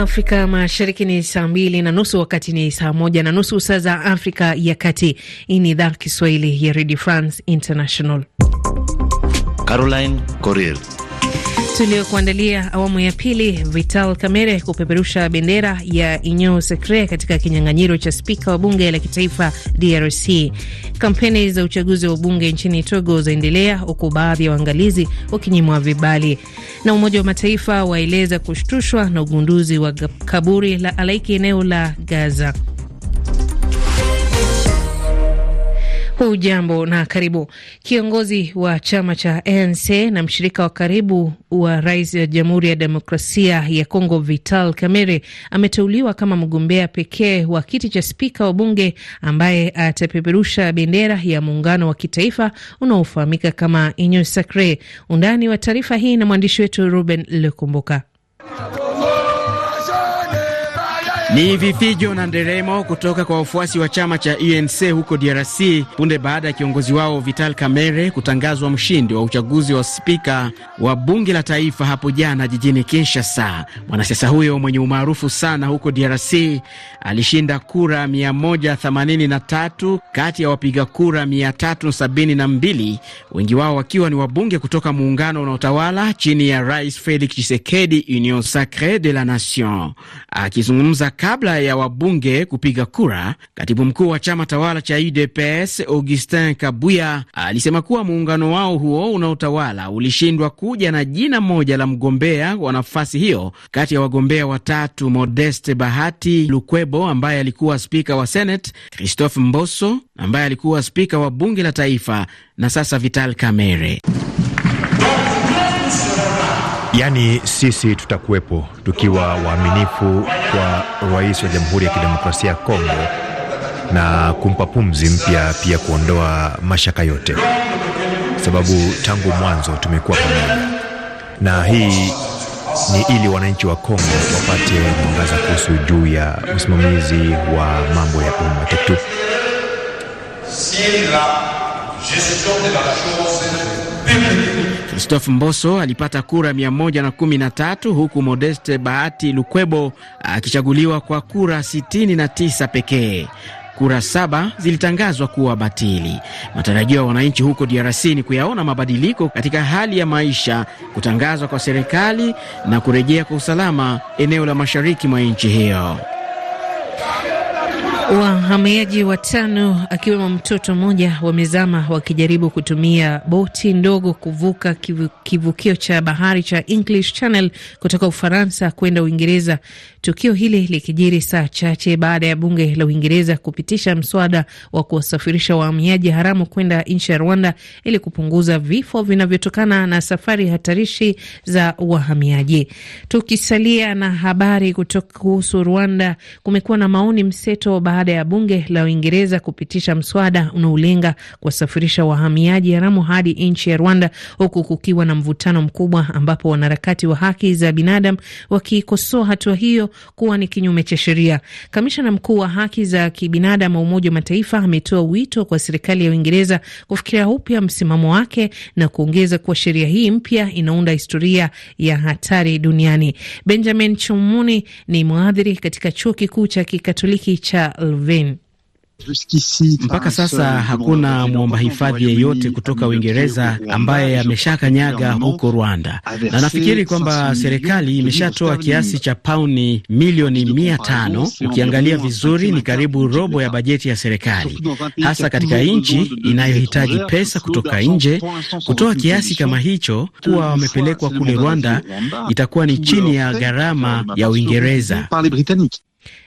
Afrika Mashariki ni saa mbili na nusu, wakati ni saa moja na nusu saa za Afrika ya Kati. Hii ni idhaa Kiswahili ya Radio France International. Caroline Coril Tuliokuandalia awamu ya pili. Vital Kamerhe kupeperusha bendera ya Union Sekre katika kinyang'anyiro cha spika wa bunge la kitaifa DRC. Kampeni za uchaguzi wa bunge nchini Togo zaendelea huku baadhi ya waangalizi wakinyimwa vibali. Na Umoja wa Mataifa waeleza kushtushwa na ugunduzi wa kaburi la halaiki eneo la Gaza. Hujambo na karibu. Kiongozi wa chama cha ANC na mshirika wa karibu wa rais wa Jamhuri ya Demokrasia ya Kongo, Vital Kamerhe, ameteuliwa kama mgombea pekee wa kiti cha spika wa bunge ambaye atapeperusha bendera ya muungano wa kitaifa unaofahamika kama Union Sacre. Undani wa taarifa hii na mwandishi wetu Ruben lekumbuka ni vifijo na nderemo kutoka kwa wafuasi wa chama cha UNC e huko DRC punde baada ya kiongozi wao Vital Kamerhe kutangazwa mshindi wa uchaguzi wa spika wa bunge la taifa hapo jana jijini Kinshasa. Mwanasiasa huyo mwenye umaarufu sana huko DRC alishinda kura 183 kati ya wapiga kura 372, wengi wao wakiwa ni wabunge kutoka muungano unaotawala chini ya Rais Felix Tshisekedi, Union Sacre de la Nation. Akizungumza Kabla ya wabunge kupiga kura, katibu mkuu wa chama tawala cha UDPS Augustin Kabuya alisema kuwa muungano wao huo unaotawala ulishindwa kuja na jina moja la mgombea wa nafasi hiyo kati ya wagombea watatu, Modeste Bahati Lukwebo ambaye alikuwa spika wa Senate, Christophe Mboso ambaye alikuwa spika wa bunge la taifa na sasa Vital Kamerhe. Yaani sisi tutakuwepo tukiwa waaminifu kwa rais wa Jamhuri ya Kidemokrasia ya Kongo na kumpa pumzi mpya, pia kuondoa mashaka yote, sababu tangu mwanzo tumekuwa pamoja, na hii ni ili wananchi wa Kongo wapate mwangaza kuhusu juu ya usimamizi wa mambo ya umma tuktuk Christophe Mboso alipata kura 113 huku Modeste Bahati Lukwebo akichaguliwa kwa kura 69 pekee. Kura saba zilitangazwa kuwa batili. Matarajio ya wananchi huko DRC ni kuyaona mabadiliko katika hali ya maisha, kutangazwa kwa serikali na kurejea kwa usalama eneo la mashariki mwa nchi hiyo. Wahamiaji watano akiwemo mtoto mmoja wamezama wakijaribu kutumia boti ndogo kuvuka kivukio cha bahari cha English Channel kutoka Ufaransa kwenda Uingereza. Tukio hili likijiri saa chache baada ya bunge la Uingereza kupitisha mswada wa kuwasafirisha wahamiaji haramu kwenda nchi ya Rwanda ili kupunguza vifo vinavyotokana na safari hatarishi za wahamiaji. Tukisalia na habari kutoka kuhusu Rwanda, kumekuwa na maoni mseto baada ya bunge la Uingereza kupitisha mswada unaolenga kuwasafirisha wahamiaji haramu hadi nchi ya Rwanda, huku kukiwa na mvutano mkubwa ambapo wanaharakati wa haki za binadamu wakikosoa hatua hiyo kuwa ni kinyume cha sheria. Kamishna mkuu wa haki za kibinadamu wa Umoja wa Mataifa ametoa wito kwa serikali ya Uingereza kufikiria upya msimamo wake na kuongeza kuwa sheria hii mpya inaunda historia ya hatari duniani. Benjamin Chumuni ni mhadhiri katika chuo kikuu cha kikatoliki cha Alvin. Mpaka sasa hakuna mwomba hifadhi yeyote kutoka Uingereza ambaye ameshakanyaga huko Rwanda, na nafikiri kwamba serikali imeshatoa kiasi cha pauni milioni mia tano. Ukiangalia vizuri, ni karibu robo ya bajeti ya serikali, hasa katika nchi inayohitaji pesa kutoka nje. Kutoa kiasi kama hicho kuwa wamepelekwa kule Rwanda itakuwa ni chini ya gharama ya Uingereza.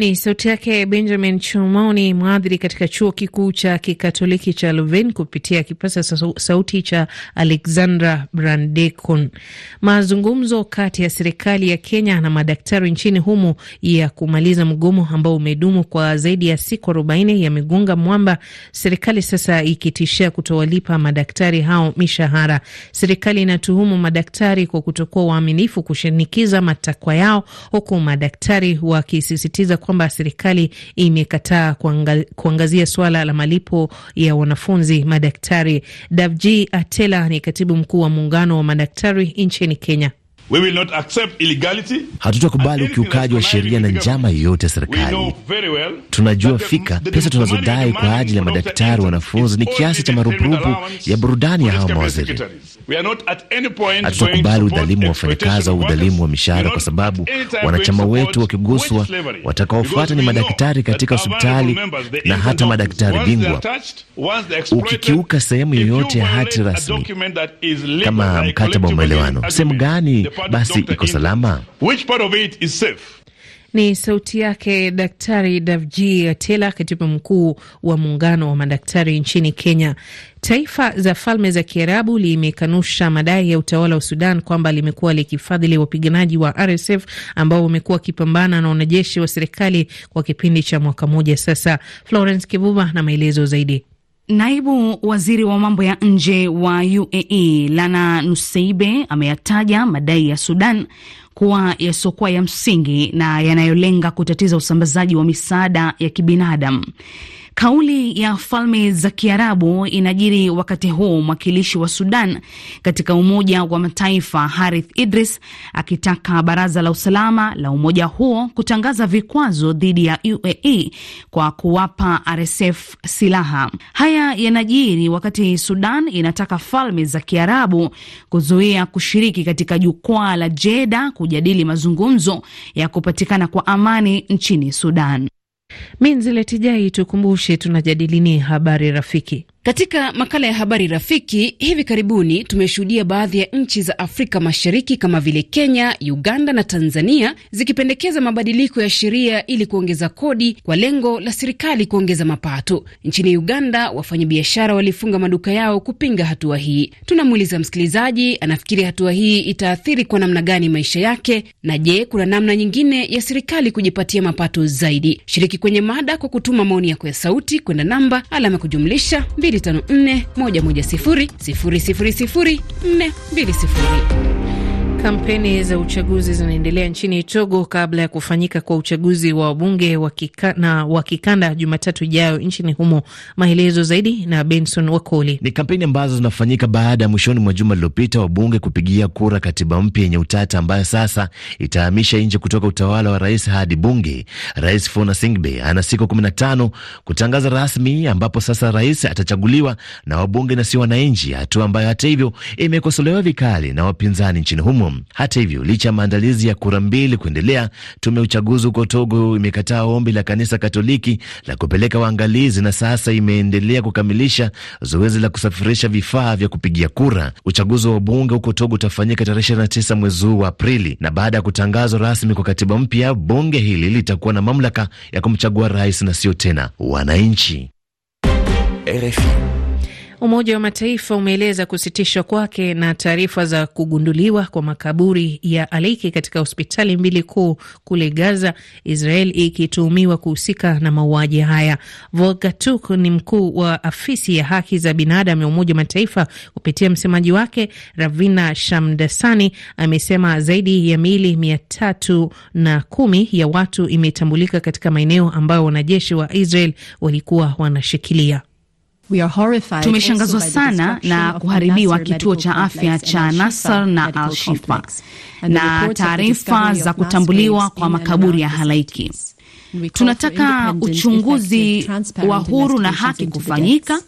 Ni sauti yake Benjamin Chumoni, mwadhiri katika chuo kikuu cha kikatoliki cha Louvain, kupitia kipasa sauti cha Alexandra Brandekon. Mazungumzo kati ya serikali ya Kenya na madaktari nchini humo ya kumaliza mgomo ambao umedumu kwa zaidi ya siku arobaini yamegonga mwamba, serikali sasa ikitishia kutowalipa madaktari hao mishahara. Serikali inatuhumu madaktari kwa kutokuwa waaminifu kushinikiza matakwa yao, huku madaktari wakisisitiza kwamba serikali imekataa kuangazia suala la malipo ya wanafunzi madaktari. Davji Atela ni katibu mkuu wa muungano wa madaktari nchini Kenya. We will not accept illegality. Hatutakubali ukiukaji wa sheria na njama yoyote ya serikali. Well, tunajua fika pesa tunazodai kwa ajili ya madaktari wanafunzi ni kiasi cha marupurupu ya burudani ya hawa mawaziri. Hatutakubali udhalimu wa wafanyakazi au udhalimu wa mishahara, kwa sababu wanachama wetu wakiguswa, watakaofuata ni madaktari katika hospitali na hata madaktari bingwa. Ukikiuka sehemu yoyote ya hati rasmi kama mkataba wa maelewano, sehemu gani basi iko salama? Ni sauti yake Daktari Davji Atela, katibu mkuu wa muungano wa madaktari nchini Kenya. Taifa za Falme za Kiarabu limekanusha madai ya utawala wa Sudan kwamba limekuwa likifadhili wapiganaji wa RSF ambao wamekuwa wakipambana na wanajeshi wa serikali kwa kipindi cha mwaka mmoja sasa. Florence Kivuva na maelezo zaidi. Naibu waziri wa mambo ya nje wa UAE Lana Nuseibe ameyataja madai ya Sudan kuwa yasiokuwa ya msingi na yanayolenga kutatiza usambazaji wa misaada ya kibinadamu. Kauli ya Falme za Kiarabu inajiri wakati huu mwakilishi wa Sudan katika Umoja wa Mataifa Harith Idris akitaka Baraza la Usalama la umoja huo kutangaza vikwazo dhidi ya UAE kwa kuwapa RSF silaha. Haya yanajiri wakati Sudan inataka Falme za Kiarabu kuzuia kushiriki katika jukwaa la Jeda kujadili mazungumzo ya kupatikana kwa amani nchini Sudan. Minzile Tijai, tukumbushe tunajadili habari rafiki. Katika makala ya habari rafiki, hivi karibuni tumeshuhudia baadhi ya nchi za Afrika Mashariki kama vile Kenya, Uganda na Tanzania zikipendekeza mabadiliko ya sheria ili kuongeza kodi kwa lengo la serikali kuongeza mapato. Nchini Uganda, wafanyabiashara walifunga maduka yao kupinga hatua hii. Tunamuuliza msikilizaji, anafikiri hatua hii itaathiri kwa namna gani maisha yake, na je, kuna namna nyingine ya serikali kujipatia mapato zaidi? Shiriki kwenye mada kwa kutuma maoni yako ya sauti kwenda namba alama kujumlisha 254 110 000 420. Kampeni za uchaguzi zinaendelea nchini Togo kabla ya kufanyika kwa uchaguzi wa wabunge na wa kikanda Jumatatu ijayo nchini humo. Maelezo zaidi na Benson Wakoli. Ni kampeni ambazo zinafanyika baada ya mwishoni mwa juma lililopita wabunge kupigia kura katiba mpya yenye utata ambayo sasa itahamisha nje kutoka utawala wa rais hadi bunge. Rais Fona Singbe ana siku 15 kutangaza rasmi, ambapo sasa rais atachaguliwa na wabunge na si wananchi, hatua ambayo hata hivyo imekosolewa vikali na wapinzani nchini humo hiyo. Hata hivyo, licha ya maandalizi ya kura mbili kuendelea, tume ya uchaguzi huko Togo imekataa ombi la kanisa Katoliki la kupeleka waangalizi na sasa imeendelea kukamilisha zoezi la kusafirisha vifaa vya kupigia kura. Uchaguzi wa bunge huko Togo utafanyika tarehe 29 mwezi huu wa Aprili, na baada ya kutangazwa rasmi kwa katiba mpya, bunge hili litakuwa na mamlaka ya kumchagua rais na sio tena wananchi. RFI Umoja wa Mataifa umeeleza kusitishwa kwake na taarifa za kugunduliwa kwa makaburi ya aliki katika hospitali mbili kuu kule Gaza, Israel ikituhumiwa kuhusika na mauaji haya. vogatuk ni mkuu wa afisi ya haki za binadamu ya Umoja wa Mataifa. Kupitia msemaji wake Ravina Shamdasani amesema zaidi ya miili mia tatu na kumi ya watu imetambulika katika maeneo ambayo wanajeshi wa Israel walikuwa wanashikilia. Tumeshangazwa sana na kuharibiwa kituo cha afya cha Nasar na Al Shifa na taarifa za kutambuliwa kwa makaburi ya halaiki. Tunataka uchunguzi wa huru na haki kufanyika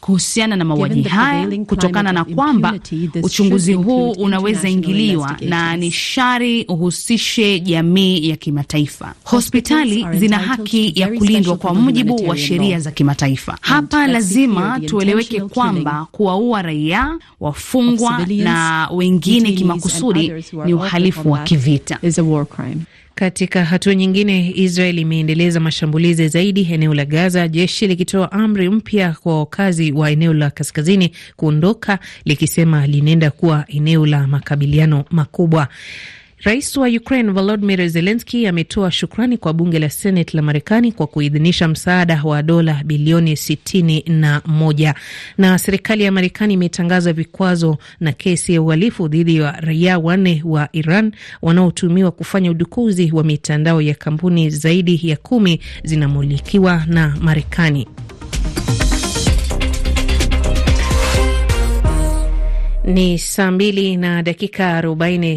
kuhusiana na mauaji haya kutokana na kwamba uchunguzi huu unaweza ingiliwa na ni shari uhusishe jamii ya kimataifa. Hospitali zina haki ya kulindwa kwa mujibu wa sheria za kimataifa. Hapa lazima tueleweke kwamba kuwaua raia, wafungwa na wengine kimakusudi ni uhalifu wa kivita. Katika hatua nyingine, Israel imeendeleza mashambulizi zaidi eneo la Gaza, jeshi likitoa amri mpya kwa wakazi wa eneo la kaskazini kuondoka, likisema linaenda kuwa eneo la makabiliano makubwa. Rais wa Ukraine Volodymyr Zelensky ametoa shukrani kwa bunge la Senate la Marekani kwa kuidhinisha msaada wa dola bilioni sitini na moja. Na serikali ya Marekani imetangaza vikwazo na kesi ya uhalifu dhidi ya raia wanne wa Iran wanaotumiwa kufanya udukuzi wa mitandao ya kampuni zaidi ya kumi zinamulikiwa na Marekani. Ni saa mbili na dakika arobaini.